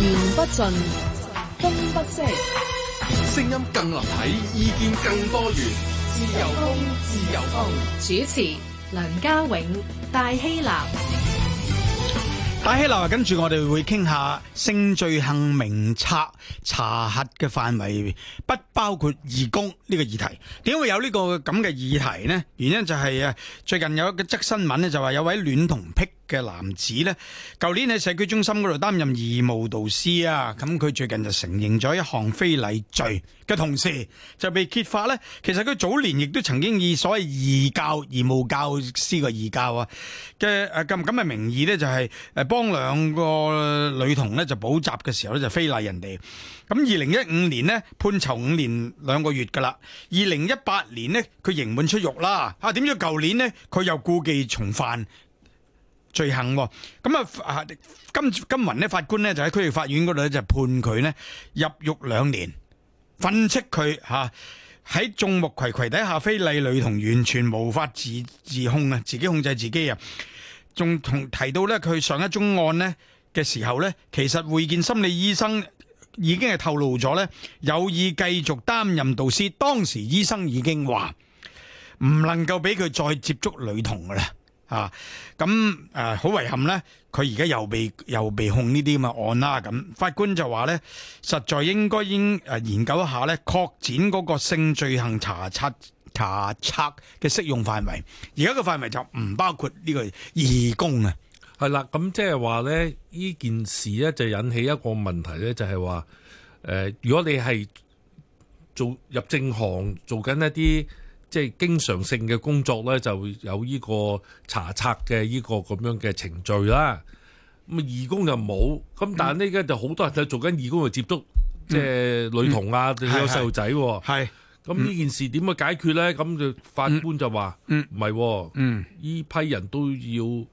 言不盡，風不息，聲音更立體，意見更多元，自由風，自由風。主持梁家永，戴希娜，戴希娜啊！跟住我哋會傾下性罪行名冊查查核嘅範圍，不包括義工呢個議題。點解會有呢個咁嘅議題呢？原因就係啊，最近有一個則新聞呢，就話有位戀童癖嘅男子呢，舊年喺社區中心嗰度擔任義務導師啊，咁佢最近就承認咗一項非禮罪嘅同時，就被揭發呢。其實佢早年亦都曾經以所謂義教義務教師嘅義教啊嘅咁咁嘅名義呢，就係、是、誒幫兩個女童呢，就補習嘅時候呢，就非禮人哋。咁二零一五年呢，判囚五年兩個月噶啦，二零一八年呢，佢刑滿出獄啦。啊點知舊年呢，佢又故技重犯。罪行，咁啊，今今云法官呢就喺區域法院嗰度咧就判佢呢入獄兩年，訓斥佢吓，喺眾目睽睽底下非禮女童，完全無法自自控啊，自己控制自己啊，仲同提到呢，佢上一宗案呢嘅時候呢，其實會見心理醫生已經係透露咗呢，有意繼續擔任導師，當時醫生已經話唔能夠俾佢再接觸女童噶啦。啊，咁誒好遺憾咧，佢而家又被又被控呢啲咁嘅案啦。咁法官就話咧，實在應該應誒研究一下咧，擴展嗰個性罪行查核查核嘅適用範圍。而家嘅範圍就唔包括呢個義工啊。係啦，咁即係話咧，呢件事咧就引起一個問題咧，就係話誒，如果你係做入政行做緊一啲。即係經常性嘅工作咧，就有呢個查冊嘅呢個咁樣嘅程序啦。咁義工就冇，咁但係呢家就好多人做緊義工嚟接觸，嗯、即係女童啊，嗯、有細路仔喎。係是，咁呢、嗯、件事點去解決咧？咁就法官就話：唔係、嗯哦嗯，嗯，呢批人都要。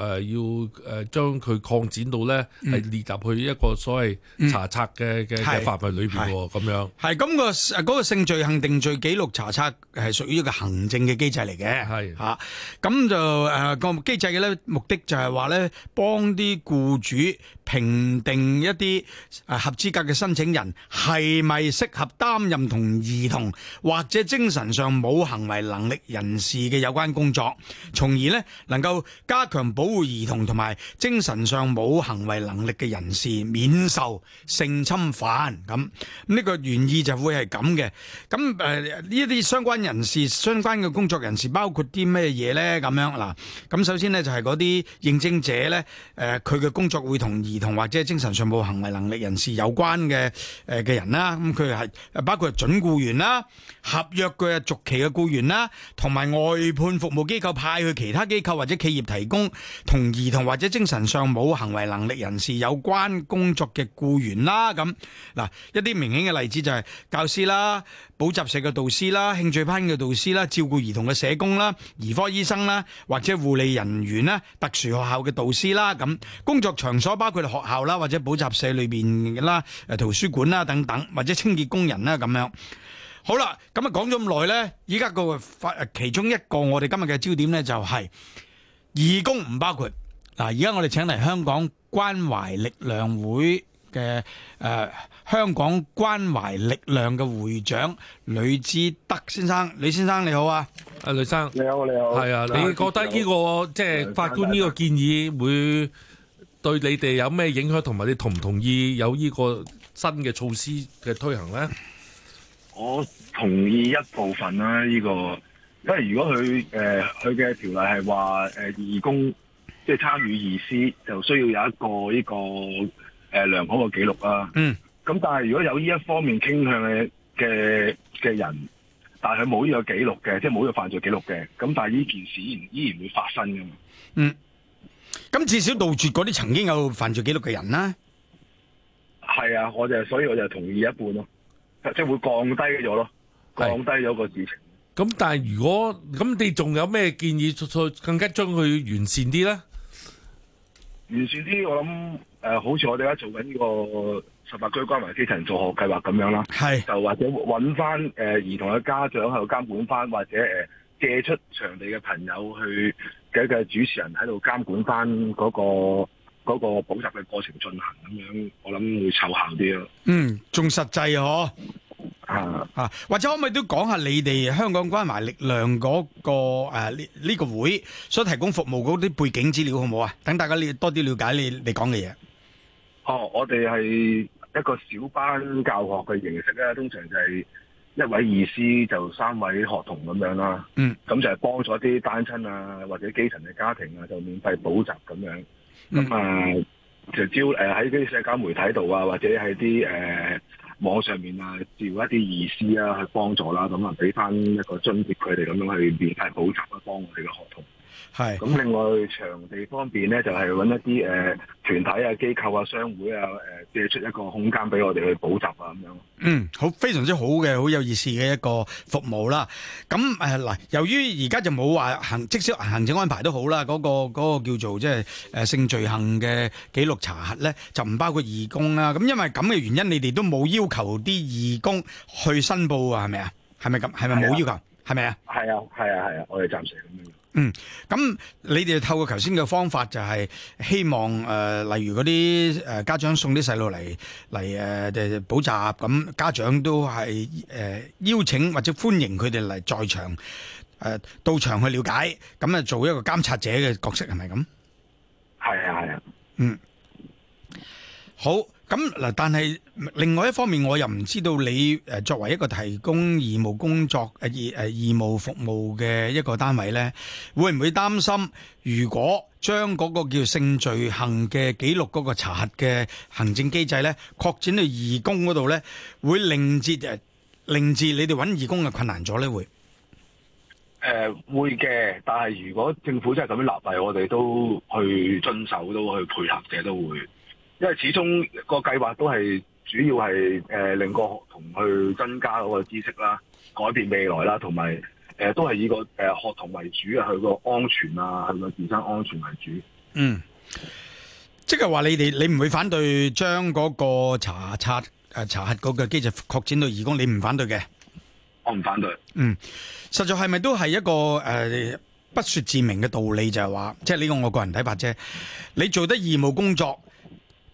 誒、呃、要誒、呃、將佢擴展到咧係列入去一個所謂查冊嘅嘅、嗯、範圍裏邊喎，咁是、哦、樣係咁、那個嗰、那個性罪行定罪記錄查冊係屬於一個行政嘅機制嚟嘅，係咁是、啊、就誒、呃那個機制嘅咧目的就係話咧幫啲僱主。評定一啲合資格嘅申請人係咪適合擔任同兒童或者精神上冇行為能力人士嘅有關工作，從而咧能夠加強保護兒童同埋精神上冇行為能力嘅人士免受性侵犯咁，呢個原意就會係咁嘅。咁誒呢一啲相關人士、相關嘅工作人士，包括啲咩嘢咧？咁樣嗱，咁首先咧就係嗰啲認證者咧，誒佢嘅工作會同兒同兒童或者精神上冇行為能力人士有關嘅誒嘅人啦，咁佢係包括準雇員啦、合約嘅續期嘅雇員啦，同埋外判服務機構派去其他機構或者企業提供同兒童或者精神上冇行為能力人士有關工作嘅雇員啦。咁嗱，一啲明顯嘅例子就係教師啦、補習社嘅導師啦、興趣班嘅導師啦、照顧兒童嘅社工啦、兒科醫生啦，或者護理人員啦、特殊學校嘅導師啦。咁工作場所包括，學校啦，或者補習社裏邊啦，誒，圖書館啦，等等，或者清潔工人啦，咁樣。好啦，咁啊講咗咁耐咧，依家個法其中一個我哋今日嘅焦點咧，就係義工唔包括嗱。而家我哋請嚟香港關懷力量會嘅誒，香港關懷力量嘅會長呂之德先生，呂先生你好啊，阿呂生，你好，你好，係啊，你覺得呢個即係法官呢個建議會？對你哋有咩影響？同埋你同唔同意有呢個新嘅措施嘅推行咧？我同意一部分啦、啊，呢、這個，因為如果佢誒佢嘅條例係話誒義工即係參與義施，就需要有一個呢、這個誒、呃、良好嘅記錄啦。嗯。咁但係如果有呢一方面傾向嘅嘅嘅人，但係佢冇呢個記錄嘅，即係冇呢個犯罪記錄嘅，咁但係呢件事依然，依然會發生噶嘛？嗯。咁至少杜絕嗰啲曾經有犯罪記錄嘅人啦。係啊，我就是、所以我就同意一半咯，即、就、係、是、會降低咗咯，是降低咗個事情。咁但係如果咁，你仲有咩建議再更加將佢完善啲咧？完善啲，我諗誒、呃，好似我哋而家做緊呢個十八區關懷基層助學計劃咁樣啦。係是，就或者搵翻誒兒童嘅家長去監管翻，或者誒、呃、借出場地嘅朋友去。嘅嘅主持人喺度監管翻嗰個嗰個補習嘅過程進行咁樣，我諗會湊效啲咯。嗯，仲實際嗬。啊。啊，或者可唔可以都講下你哋香港關懷力量嗰個誒呢個會所提供服務嗰啲背景資料好唔好啊？等大家你多啲了解你你講嘅嘢。哦、啊，我哋係一個小班教學嘅形式啦，通常就係。一位義師就三位學童咁樣啦，咁就係幫咗啲單親啊或者基層嘅家庭啊，就免費補習咁樣，咁啊就招誒喺啲社交媒體度啊或者喺啲誒網上面啊招一啲義師啊去幫助啦，咁啊俾翻一個津貼佢哋咁樣去免費補習啊，幫我哋嘅學童。係，咁是另外場地方面咧，就係、是、揾一啲誒團體啊、機構啊、商會啊，誒、呃、借出一個空間俾我哋去補習啊，咁樣。嗯，好，非常之好嘅，好有意思嘅一個服務啦。咁誒，嗱、呃，由於而家就冇話行，即使行政安排都好啦，嗰、那個嗰、那個叫做即係誒性罪行嘅記錄查核咧，就唔包括義工啦。咁因為咁嘅原因，你哋都冇要求啲義工去申報啊？係咪啊？係咪咁？係咪冇要求？係咪啊？係啊，係啊，係啊，係啊，我哋暫時咁樣。嗯，咁你哋透過頭先嘅方法就係希望誒、呃，例如嗰啲誒家長送啲細路嚟嚟誒，誒補習，咁、呃、家長都係誒、呃、邀請或者歡迎佢哋嚟在場誒、呃、到場去了解，咁啊做一個監察者嘅角色係咪咁？係啊係啊，嗯，好。咁嗱，但係另外一方面，我又唔知道你誒作為一個提供義務工作誒義誒義務服務嘅一個單位咧，會唔會擔心如果將嗰個叫性罪行嘅記錄嗰個查核嘅行政機制咧，擴展到義工嗰度咧，會令至誒令至你哋揾義工嘅困難咗咧？會誒會嘅，但係如果政府真係咁樣立例，我哋都去遵守，都去配合嘅，都會。因為始終個計劃都係主要係誒、呃、令個學童去增加嗰個知識啦，改變未來啦，呃呃、同埋誒都係以個誒學童為主，佢個安全啊，佢個自身安全為主。嗯，即係話你哋你唔會反對將嗰個查察誒查，查核嗰個機制擴展到義工，你唔反對嘅？我唔反對。嗯，實在係咪都係一個誒、呃、不說自明嘅道理就係話，即係呢個我個人睇法啫。你做得義務工作。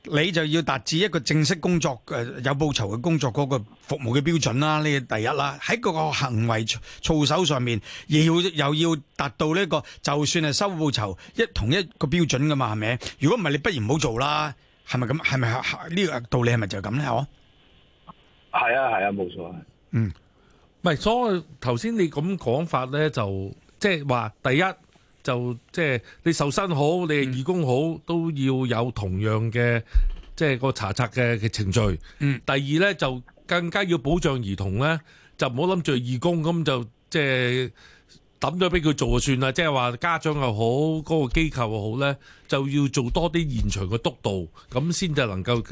你就要達至一個正式工作誒有報酬嘅工作嗰個服務嘅標準啦，呢個第一啦。喺嗰個行為操守上面，要又要達到呢個，就算係收報酬一同一個標準噶嘛，係咪？如果唔係，你不如唔好做啦。係咪咁？係咪呢個道理係咪就係咁咧？哦，係啊，係啊，冇錯啊。嗯，唔係，所以頭先你咁講法咧，就即係話第一。就即係、就是、你受薪好，你義工好，嗯、都要有同樣嘅即係個查冊嘅程序。嗯、第二呢，就更加要保障兒童呢，就唔好諗住義工咁就即係抌咗俾佢做就算啦。即係話家長又好，嗰、那個機構又好呢，就要做多啲現場嘅督導，咁先至能夠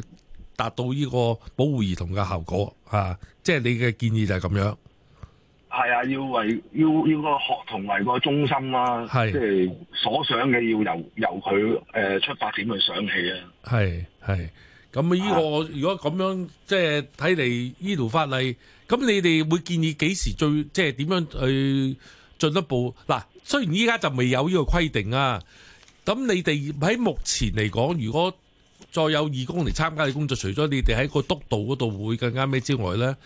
達到呢個保護兒童嘅效果啊！即、就、係、是、你嘅建議就係咁樣。係啊，要為要要個學童為個中心啦，啊，即係是所想嘅要由由佢誒、呃、出發點去想起啊。係係，咁呢，這個，啊，如果咁樣即係睇嚟依條法例，咁你哋會建議幾時最即係點樣去進一步？嗱，啊，雖然依家就未有呢個規定啊，咁你哋喺目前嚟講，如果再有義工嚟參加嘅工作，除咗你哋喺個督導嗰度會更加咩之外咧？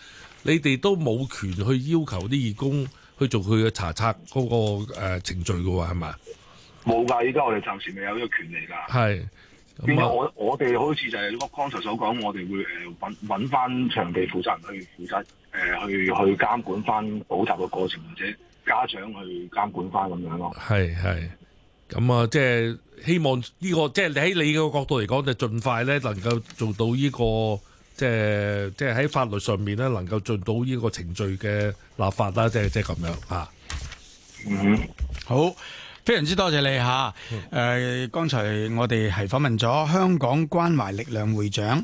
你哋都冇權去要求啲義工去做佢嘅查冊嗰個程序㗎喎，係咪？冇㗎，依家我哋暫時未有呢個權利㗎。係。點解、嗯、我我哋好似就係剛才所講，我哋、就是、會搵返揾翻場地負責人去負責、呃、去去監管翻補習嘅過程，或者家長去監管翻咁樣咯。係係。咁啊，即、嗯、係、嗯就是、希望呢、這個即係喺你嘅角度嚟講，就盡、是、快咧能夠做到呢、這個。即係即係喺法律上面咧，能夠盡到呢個程序嘅立法啦，即係即係咁樣嚇。嗯、mm，hmm. 好，非常之多謝你嚇。誒、mm hmm. 呃，剛才我哋係訪問咗香港關懷力量會長。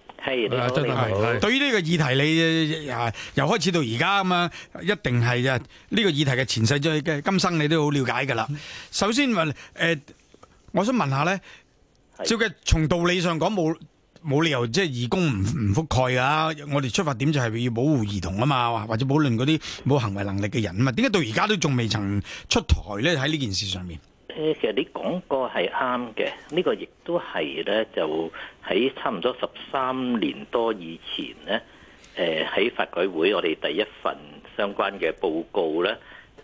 係，你好，你好。對於呢個議題，你啊由開始到而家咁嘛？一定係啊呢個議題嘅前世即嘅今生，你都好了解噶啦。首先話誒、呃，我想問，問一下咧，照計，從道理上講，冇冇理由即係義工唔唔覆蓋噶。我哋出發點就係要保護兒童啊嘛，或者保護嗰啲冇行為能力嘅人啊嘛。點解到而家都仲未曾出台咧？喺呢件事上面？誒，其實你講個係啱嘅，呢個亦都係呢，就喺差唔多十三年多以前呢，誒喺法改會，我哋第一份相關嘅報告呢，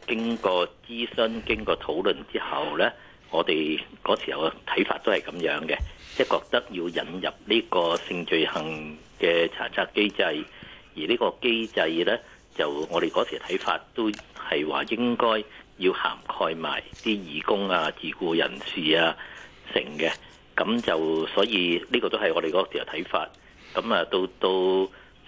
經過諮詢、經過討論之後呢，我哋嗰時候睇法都係咁樣嘅，即係覺得要引入呢個性罪行嘅查察機制，而呢個機制呢，就我哋嗰時睇法都係話應該，要涵蓋埋啲義工啊、自僱人士啊成嘅，咁就所以呢個都係我哋嗰個時候嘅睇法。咁啊，到到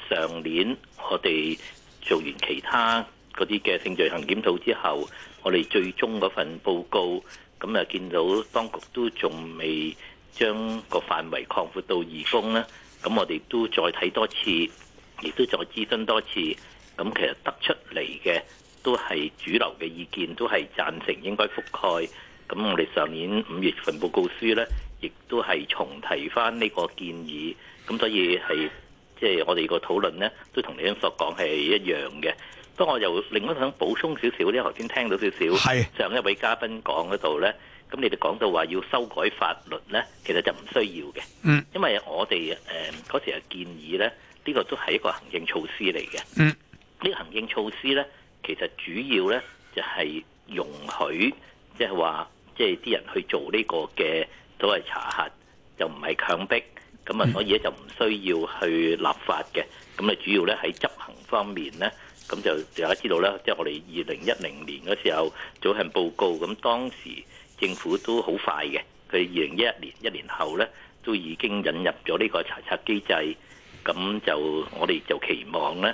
上年我哋做完其他嗰啲嘅性罪行檢討之後，我哋最終嗰份報告，咁啊見到當局都仲未將個範圍擴闊到義工咧，咁我哋都再睇多次，亦都再諮詢多次，咁其實得出嚟嘅。都係主流嘅意見，都係贊成應該覆蓋。咁我哋上年五月份報告書呢，亦都係重提翻呢個建議。咁所以係即係我哋個討論呢，都同你啱所講係一樣嘅。不過我又另外想補充少少呢，頭先聽到少少，上一位嘉賓講嗰度呢，咁你哋講到話要修改法律呢，其實就唔需要嘅。嗯，因為我哋誒嗰時係建議呢，呢、這個都係一個行政措施嚟嘅。嗯，呢個行政措施呢。其實主要咧就係容許，即係話即係啲人去做呢個嘅所謂查核，就唔係強迫。咁啊所以咧就唔需要去立法嘅。咁啊主要咧喺執行方面咧，咁就大家知道咧，即係我哋二零一零年嗰時候做份報告，咁當時政府都好快嘅，佢二零一一年一年後咧都已經引入咗呢個查冊機制，咁就我哋就期望咧。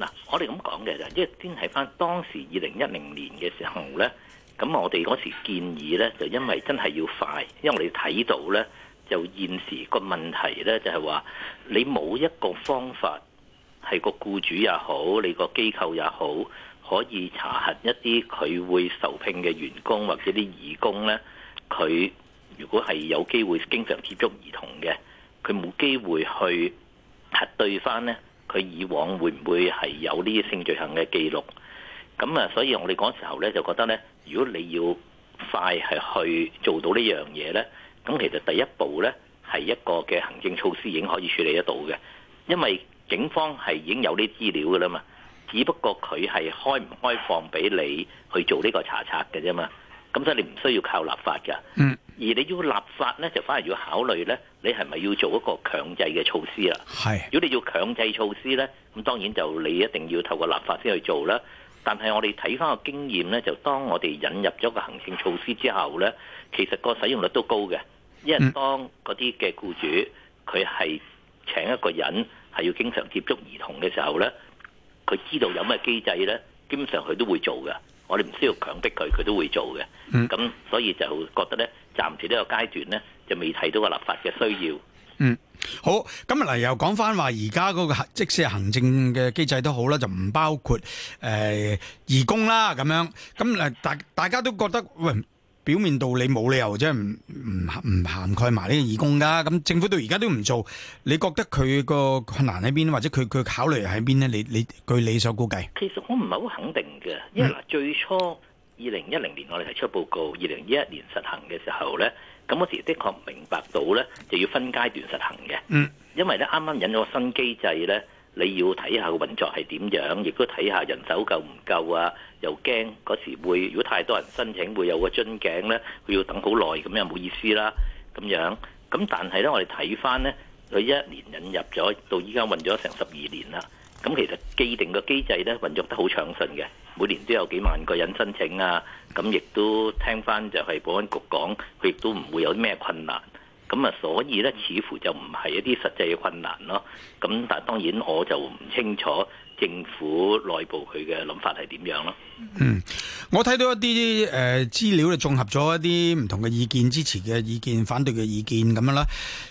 嗱、啊，我哋咁講嘅就，即係先睇翻當時二零一零年嘅時候呢。咁我哋嗰時建議呢，就因為真係要快，因為我哋睇到呢，就現時個問題呢，就係、是、話你冇一個方法，係個僱主也好，你個機構也好，可以查核一啲佢會受聘嘅員工或者啲義工呢。佢如果係有機會經常接觸兒童嘅，佢冇機會去核對翻呢。佢以往會唔會係有呢啲性罪行嘅記錄？咁啊，所以我哋嗰時候咧就覺得咧，如果你要快係去做到呢樣嘢咧，咁其實第一步咧係一個嘅行政措施已經可以處理得到嘅，因為警方係已經有呢啲資料噶啦嘛，只不過佢係開唔開放俾你去做呢個查冊嘅啫嘛，咁所以你唔需要靠立法嘅。嗯。而你要立法咧，就反而要考慮咧，你係咪要做一個強制嘅措施啦？係。如果你要強制措施咧，咁當然就你一定要透過立法先去做啦。但係我哋睇翻個經驗咧，就當我哋引入咗個行政措施之後咧，其實個使用率都高嘅，因為當嗰啲嘅僱主佢係請一個人係要經常接觸兒童嘅時候咧，佢知道有咩機制咧，基本上佢都會做嘅。我哋唔需要強迫佢，佢都會做嘅。咁所以就覺得咧。暫時呢個階段咧，就未睇到個立法嘅需要。嗯，好。咁啊，嚟又講翻話，而家嗰個即使係行政嘅機制都好啦，就唔包括誒、呃、義工啦咁樣。咁誒，大家大家都覺得喂，表面道理，冇理由即係唔唔唔涵蓋埋呢個義工㗎。咁政府到而家都唔做，你覺得佢個困難喺邊，或者佢佢考慮喺邊咧？你你據你所估計，其實我唔係好肯定嘅，因為最初、嗯。二零一零年我哋提出報告，二零一一年實行嘅時候呢，咁嗰時的確明白到呢，就要分階段實行嘅。嗯，因為呢，啱啱引咗新機制呢，你要睇下運作係點樣，亦都睇下人手夠唔夠啊。又驚嗰時會如果太多人申請會有個樽頸呢，佢要等好耐，咁又冇意思啦。咁樣，咁但係呢，我哋睇翻呢，佢一年引入咗，到依家運咗成十二年啦。咁其實既定嘅機制咧，運作得好暢順嘅，每年都有幾萬個人申請啊。咁亦都聽翻就係保安局講，佢亦都唔會有啲咩困難。咁啊，所以咧，似乎就唔係一啲實際嘅困難咯。咁但當然我就唔清楚。政府內部佢嘅諗法係點樣咯？嗯，我睇到一啲誒、呃、資料，就綜合咗一啲唔同嘅意見，支持嘅意見、反對嘅意見咁樣啦。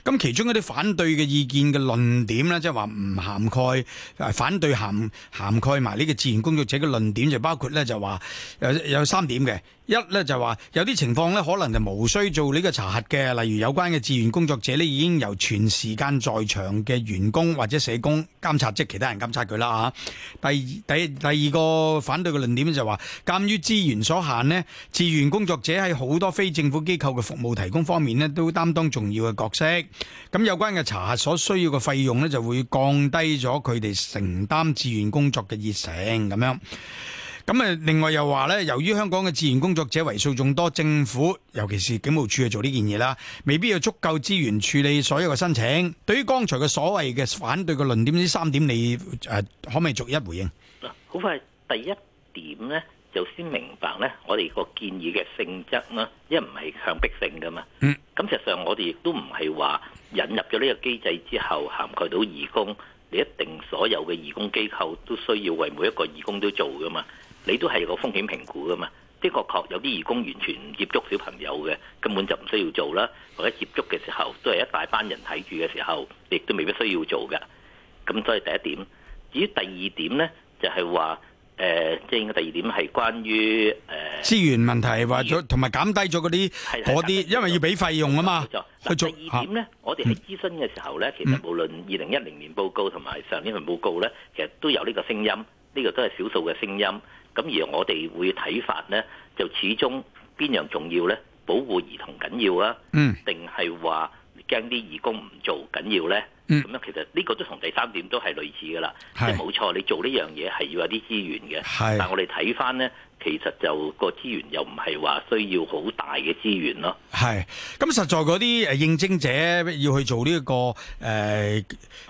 咁其中一啲反對嘅意見嘅論點咧，即係話唔涵蓋反對涵涵蓋埋呢個志願工作者嘅論點，就包括咧就話有有三點嘅。一咧就話，是，有啲情況呢，可能就無需做呢個查核嘅，例如有關嘅志願工作者呢，已經由全時間在場嘅員工或者社工監察，即其他人監察佢啦嚇。第二，第第二個反對嘅論點就話，鑑於資源所限呢，志願工作者喺好多非政府機構嘅服務提供方面呢，都擔當重要嘅角色。咁有關嘅查核所需要嘅費用呢，就會降低咗佢哋承擔志願工作嘅熱誠咁樣。咁啊，另外又話咧，由於香港嘅志願工作者為數眾多，政府尤其是警務處去，做呢件嘢啦，未必有足夠資源處理所有嘅申請。對於剛才嘅所謂嘅反對嘅論點，呢三點你誒可唔可以逐一回應？嗱，好快，第一點咧就先明白咧，我哋個建議嘅性質啦，因為唔係強迫性噶嘛。嗯。咁其實上我哋亦都唔係話引入咗呢個機制之後，涵蓋到義工，你一定所有嘅義工機構都需要為每一個義工都做噶嘛。你都係個風險評估㗎嘛？的確確有啲義工完全唔接觸小朋友嘅，根本就唔需要做啦。或者接觸嘅時候，都係一大班人睇住嘅時候，亦都未必需要做嘅。咁所以第一點，至於第二點咧，就係話誒，即係應該第二點係關於誒、呃、資源問題，話咗同埋減低咗嗰啲嗰啲，因為要俾費用啊嘛。冇錯，去做第二點咧，嗯、我哋喺諮詢嘅時候咧，其實無論二零一零年報告同埋上呢份報告咧，其實都有呢個聲音。呢個都係少數嘅聲音，咁而我哋會睇法呢，就始終邊樣重要呢？保護兒童緊要啊，定係話驚啲義工唔做緊要呢？咁樣、嗯、其實呢個都同第三點都係類似㗎啦，是即係冇錯，你做呢樣嘢係要有啲資源嘅，是但係我哋睇返呢。其實就個資源又唔係話需要好大嘅資源咯。係，咁實在嗰啲誒應徵者要去做呢個誒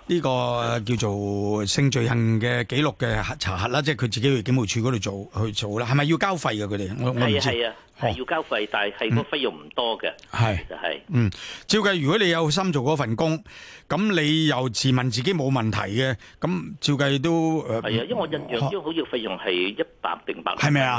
呢個叫做性罪行嘅記錄嘅查核啦，即係佢自己去警務處嗰度做去做啦。係咪要交費嘅佢哋？係係啊，係要交費，但係個費用唔多嘅。係就係嗯，照計如果你有心做嗰份工，咁你又自問自己冇問題嘅，咁照計都誒。係啊，因為我印象中好似費用係一百定百。係咪啊？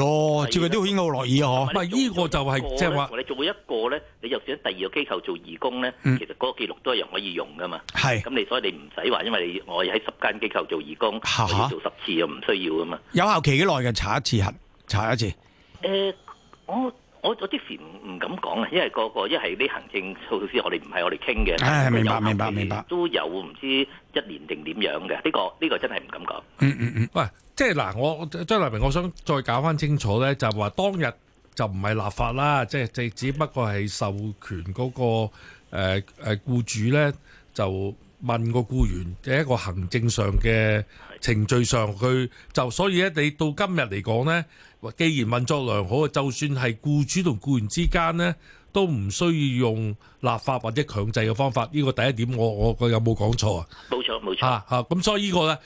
哦，照佢都好，好樂意嗬。唔係，依個就係即係話，你做一個咧，你就算第二個機構做義工咧，其實嗰個記錄都係又可以用噶嘛。係，咁你所以你唔使話，因為你我喺十間機構做義工，可以做十次，又唔需要噶嘛。有效期幾耐噶？查一次核，查一次。誒，我我我即時唔唔敢講啊，因為個個一係啲行政措施，我哋唔係我哋傾嘅，都有都有，都有唔知一年定點樣嘅。呢個呢個真係唔敢講。嗯嗯嗯。喂，即係嗱，我張達明，我想再搞翻清楚咧，就話當日就唔係立法啦，即係即係只不過係授權嗰個誒誒僱主咧，就問個僱員嘅一個行政上嘅程序上，佢就所以咧，你到今日嚟講咧。既然運作良好，就算係僱主同僱員之間呢，都唔需要用立法或者強制嘅方法。呢個第一點，我我，我有冇講錯？冇錯，冇錯啊？冇、啊、錯，冇錯。嚇咁所以呢個呢，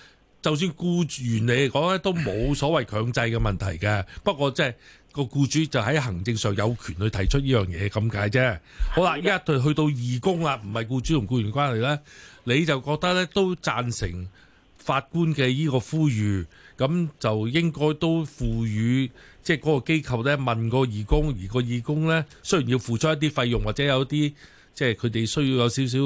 就算僱員嚟講咧，都冇所謂強制嘅問題嘅。嗯、不過即係個僱主就喺行政上有權去提出呢樣嘢咁解啫。好啦，依家去到義工啦，唔係僱主同僱員的關係呢，你就覺得呢，都贊成法官嘅呢個呼籲。咁就應該都賦予即係嗰個機構呢問個義工，而個義工呢，雖然要付出一啲費用或者有啲即係佢哋需要有少少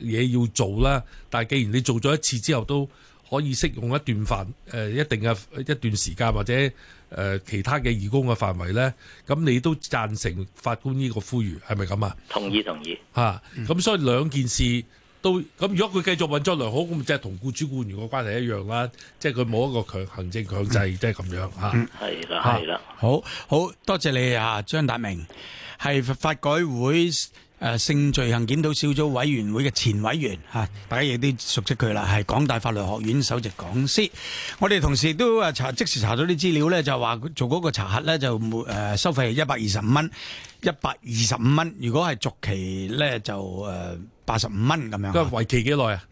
嘢要做啦，但既然你做咗一次之後都可以適用一段範、呃、一定嘅一段時間或者、呃、其他嘅義工嘅範圍呢，咁你都贊成法官呢個呼籲係咪咁啊？同意，同意嚇，咁、啊、所以兩件事。都咁，如果佢繼續運作良好，咁即係同僱主僱員個關係一樣啦。即係佢冇一個強行政強制，即係咁樣吓。係啦，係啦、嗯啊，好好多謝你啊，張達明，係法改會。誒，性罪行檢討小組委員會嘅前委員吓，大家亦都熟悉佢啦，係港大法律學院首席講師。我哋同時亦都誒查即時查到啲資料咧，就話做嗰個查核咧就誒收費係一百二十五蚊，一百二十五蚊。如果係續期咧就誒八十五蚊咁樣。為期幾耐啊？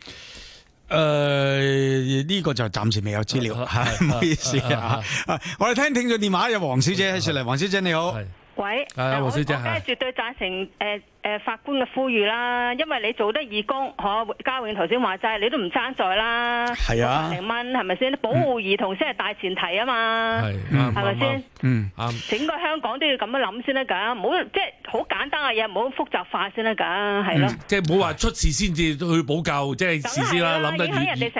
誒、呃，呢、這個就暫時未有資料，吓、啊，唔、啊啊、好意思啊。啊啊我哋聽聽咗電話有黃小姐喺出嚟，黃、啊、小姐你好，係是，喂，黃、啊、小姐，係、啊，絕對贊成誒。呃啊誒法官嘅呼籲啦，因為你做得義工，嗬，嘉永頭先話齋，你都唔爭在啦，啊，百零蚊係咪先？保護兒童先係大前提啊嘛，係咪先？整個香港都要咁樣諗先得㗎，唔好即係好簡單嘅嘢，唔好複雜化先得㗎，係咯。即係唔好話出事先至去補救，即係事先啦，諗得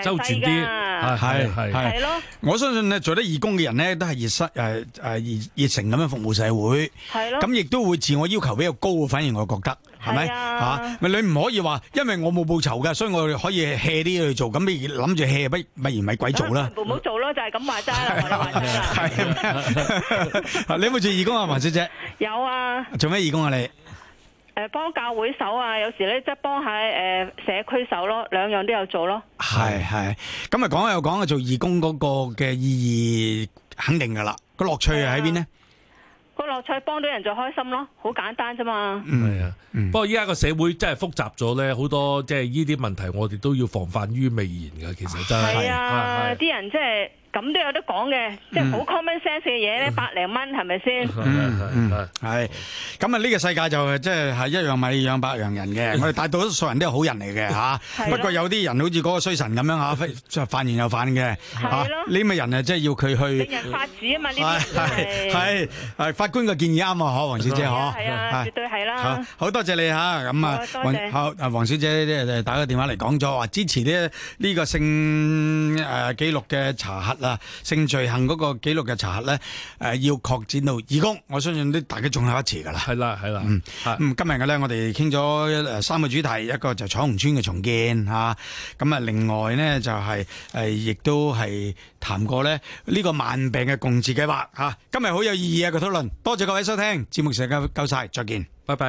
周全啲，係咯，我相信咧，做得義工嘅人呢，都係熱心誒誒熱誠咁樣服務社會，係咯，咁亦都會自我要求比較高，反而我覺得。係咪吓？咪你唔可以話，因為我冇報酬嘅，所以我哋可以 hea 啲去做。咁你諗住 hea 不咪而咪鬼做啦？唔好做咯，就係咁話齋啦，話齋啦。係你有冇做義工啊，黃小姐？有啊。做咩義工啊你？誒，幫教會手啊，有時咧即係幫下誒社區手咯，兩樣都有做咯。係係，咁啊講又講啊，做義工嗰個嘅意義肯定噶啦，個樂趣又喺邊咧？個樂趣，幫到人就開心咯，好簡單啫嘛。嗯，係啊，不過依家個社會真係複雜咗咧，好多即係呢啲問題，我哋都要防範於未然噶。其實真係，係啊，啲人即係。咁都有得講嘅，即係好 common sense 嘅嘢咧，百零蚊係咪先？係咁啊！呢個世界就即係係一樣米養百樣人嘅，我哋大多數人都係好人嚟嘅嚇。不過有啲人好似嗰個衰神咁樣嚇，犯完又犯嘅呢咪人啊，即係要佢去，法啊嘛，呢啲係法官嘅建議啱啊！嗬，黃小姐嗬，絕對係啦。好多謝你嚇，咁啊，好啊，黃小姐打個電話嚟講咗話支持呢呢個性誒紀錄嘅查核。性罪行嗰個記錄嘅查核咧，誒，要擴展到義工，我相信大家仲有一次噶啦。係啦，係啦。嗯，的今日嘅咧，我哋傾咗誒三個主題，一個就彩虹村嘅重建吓，咁啊，另外呢，就是，就係誒，亦都係談過咧呢個慢病嘅共治計劃吓。今日好有意義啊，這個討論，多謝各位收聽，節目時間夠晒，再見，拜拜。